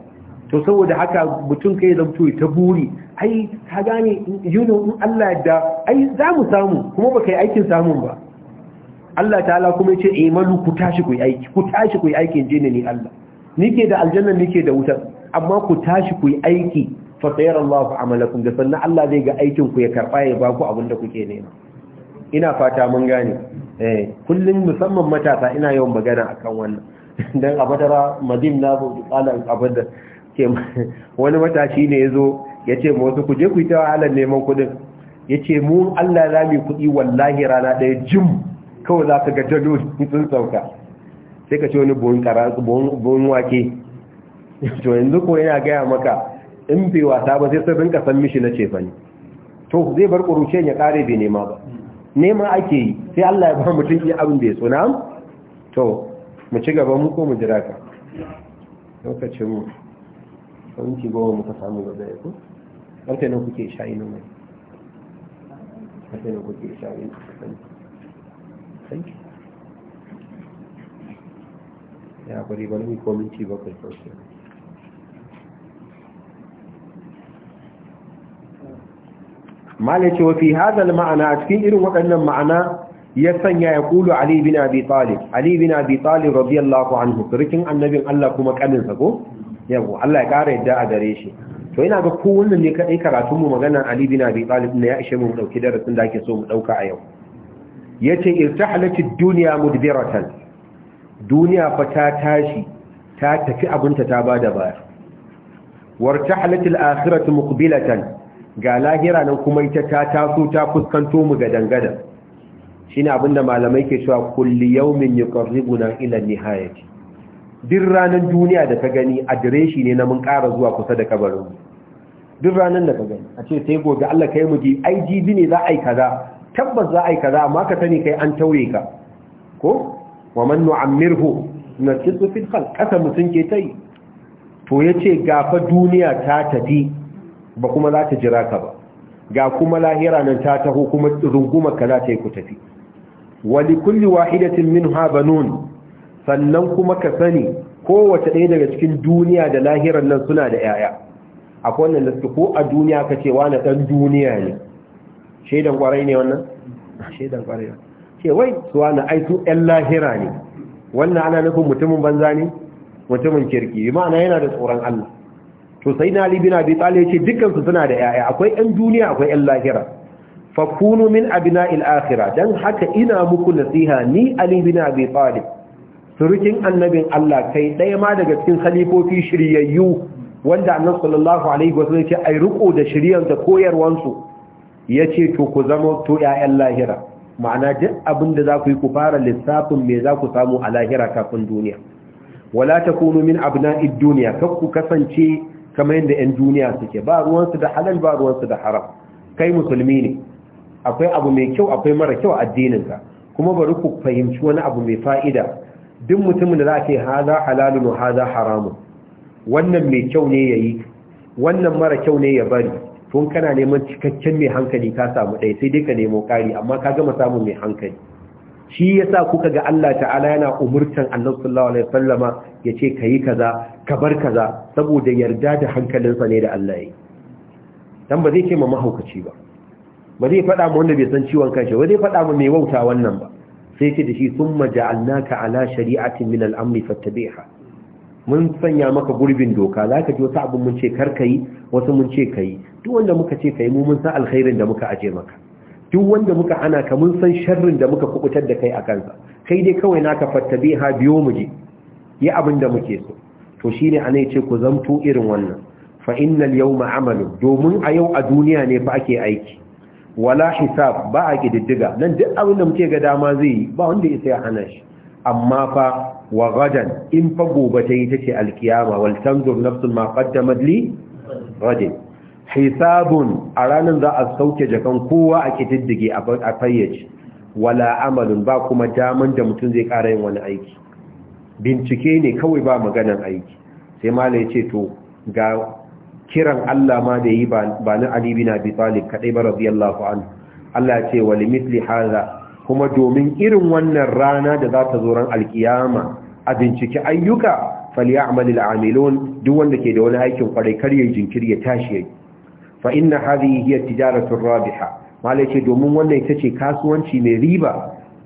A: to saboda haka mutum kai zamto ta buri ai ka gane you know in Allah da. ai za mu samu kuma baka yi aikin samun ba Allah ta'ala kuma ya ce imanu eh, ku tashi ku yi aiki ku tashi ku yi aiki jini ni Allah nike da aljanna nike da wutar amma ku tashi ku yi aiki fa sayar Allah amalakum da sannan Allah zai ga aikin ku ya karba ya ba ku abin da kuke nema ina fata mun gane eh kullun musamman matasa ina yawan magana akan wannan [LAUGHS] dan a badara madim na bu qala abada ke [LAUGHS] wani matashi ne yazo yace mu wasu ku je ku yi ta halan neman kudin yace mu Allah zamu kudi wallahi rana daya jim kawai za ka ga tado sun sauka sai ka ce wani buwan wake to yanzu ko yana gaya maka in bai wasa ba sai sabbin kasan mishi na ce ne to zai bar kuruce ya kare bai nema ba nema ake yi sai Allah ya ba mutum iya abin da ya so to mu ci gaba mu ko mu jira ka lokacin mu sun sauki goma muka samu gaba ya ku ƙarfe nan kuke sha'inu mai ƙarfe nan kuke sha'inu kai ya bari bakwai hadal ma'ana a cikin irin waɗannan ma'ana ya sanya ya kulu Ali bin Abi Talib Ali bin Abi Talib radiyallahu anhu sirkin annabin Allah kuma kaninsa sa ko Allah ya kara yadda a gare shi to ina ga ko wannan ne kadai karatun mu magana Ali bin Abi Talib ne ya ishe mu dauki darasin da ake so mu dauka a yau yace irtahalatid dunya mudbiratan duniya fa ta tashi ta tafi abinta ta bada baya wartahalatil akhiratu muqbilatan ga lahira nan kuma ita ta taso ta fuskanto mu ga dangada shine abinda malamai ke cewa kulli yawmin yuqarribuna ila nihayati din ranar duniya da ka gani adireshi ne na mun ƙara zuwa kusa da kabarin din ranar da ka gani a ce sai gobe Allah kai mu ji ai jibi ne za a yi kaza tabbas za a yi kaza amma ka sani kai an taure ka ko wa man nu'ammirhu nasisu fil khalq kasa mutun ke tai to yace ga fa duniya ta tafi ba kuma za ta jira ka ba ga kuma lahira nan ta taho kuma runguma ka ta yi ku tafi wa li kulli wahidatin minha banun sannan kuma ka sani kowace ɗaya daga cikin duniya da lahiran nan suna da yaya akwai wannan da ko a duniya ka ce wani ɗan duniya ne shaidan kwarai ne wannan shaidan kwarai ne ce wai suwa na aisu yan lahira ne wannan ana nufin mutumin banza ne mutumin kirki ma'ana yana da tsoron Allah to sai na ali bin abi talib yace suna da yaya akwai yan duniya akwai yan lahira fa kunu min na il'afira. Don haka ina muku nasiha ni ali bin bi surukin annabin Allah kai ɗaya ma daga cikin khalifofi shiryayyu wanda annabi sallallahu alaihi wasu ya ce ai riko da shiryanta da koyarwansu ya ce to ku zama to ‘ya'yan lahira ma'ana duk abin da za ku yi ku fara lissafin me za ku samu a lahira kafin duniya wala ta kunu min abna'id duniya kar ku kasance kamar yadda ‘yan duniya suke ba ruwansu da halal ba ruwansu da haram kai musulmi ne akwai abu mai kyau akwai mara kyau addininka kuma bari ku fahimci wani abu mai fa'ida duk mutumin da za ke haza halalun haza haramun wannan mai kyau ne ya yi wannan mara kyau ne ya bari tun kana neman cikakken mai hankali ka samu ɗaya sai dai ka nemo ƙari amma ka gama samun mai hankali shi ya sa kuka ga Allah ta'ala yana umurtan Allah sallallahu alaihi ce ka yi kaza ka bar kaza saboda yarda da hankalinsa ne da Allah ya yi dan ba zai ce ma mahaukaci ba ba zai faɗa ma wanda bai san ciwon kashe, ba zai faɗa ma mai wauta wannan ba sai ce da shi sun summa ja'alnaka ala shari'atin min al-amri mun sanya maka gurbin doka za ka ji wasu abin mun ce kar ka yi, wasu mun ce ka yi. duk wanda muka ce kai mu mun san alkhairin da muka aje maka duk wanda muka ana ka mun san sharrin da muka kubutar da kai a kansa kai dai kawai naka fattabiha biyo mu je yi abin da muke so to shine ana ce ku zamto irin wannan fa innal yawma amalu domin a yau a duniya ne fa ake aiki wala hisab ba a kididdiga nan duk abin da muke ga dama zai yi ba wanda ya hana shi amma fa wa gadan in fa gobe ta yi tace alkiyama wal tanzur nafsun ma qaddamat li hisabun a ranar za a sauke jakan kowa a kitiddige a fayyace wala amalin ba kuma daman da mutum zai kara yin wani aiki bincike ne kawai ba maganan aiki sai mala ya ce to ga kiran Allah ma da yi ba na alibi na Abi kadai ba radiyallahu an Allah ce wali misli haza kuma domin irin wannan rana da za ta zo ran alkiyama a bincike ayyuka amalila amilon duk wanda ke da wani aikin kwarai kar ya jinkiri ya tashi yayi fa inna hadhihi hiya tijaratu rabiha malai ce domin wannan ita ce kasuwanci mai riba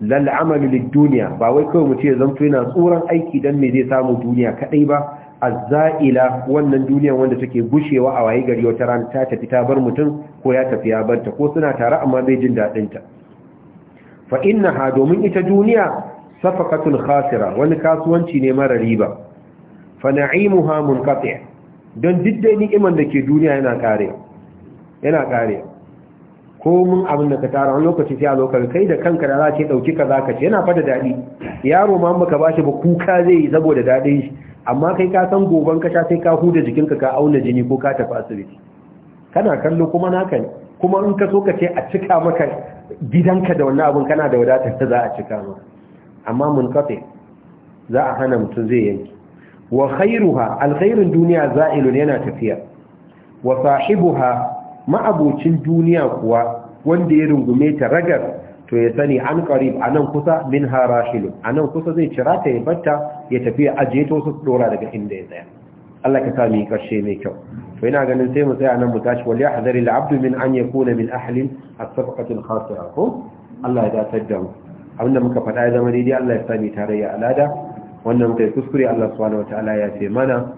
A: lal amalu lid dunya ba wai kawai mu ce zanto yana tsoron aiki dan me zai samu duniya kadai ba azza'ila wannan duniyar wanda take gushewa a waye gari wata ran ta tafi ta bar mutum ko ya tafi ya barta ko suna tare amma bai jin dadin ta fa domin ita duniya safaqatul khasira wani kasuwanci ne mara riba fa na'imuha munqati' don diddai ni'imar da ke duniya yana karewa yana kare ko mun abin da ka tara wani lokaci sai a lokaci kai da kanka da za ce dauki kaza ka ce yana fada daɗi. yaro ma baka shi ba kuka zai yi saboda daɗin shi amma kai ka san goban ka sai ka huda jikinka ka auna jini ko ka tafi asibiti kana kallo kuma naka ne kuma in ka so ka ce a cika maka gidanka da wannan abin kana da wadatar ta za a cika maka amma mun kafe za a hana mutum zai yanki wa khairuha alkhairun duniya za'ilun yana tafiya wa sahibuha ma'abocin duniya kuwa wanda ya rungume ta ragar to ya sani an A nan kusa min A nan kusa zai cira ta ya batta ya tafi ya ajiye ta wasu dora daga inda ya tsaya Allah ka sami karshe mai kyau to ina ganin sai mu tsaya nan mu tashi wal yahdari al abdu min an yakuna min ahli as-safqati al khasira ko Allah ya datar da mu abinda muka faɗa ya zama daidai Allah ya sami tarayya alada wannan kai kuskure Allah subhanahu wataala ya ce mana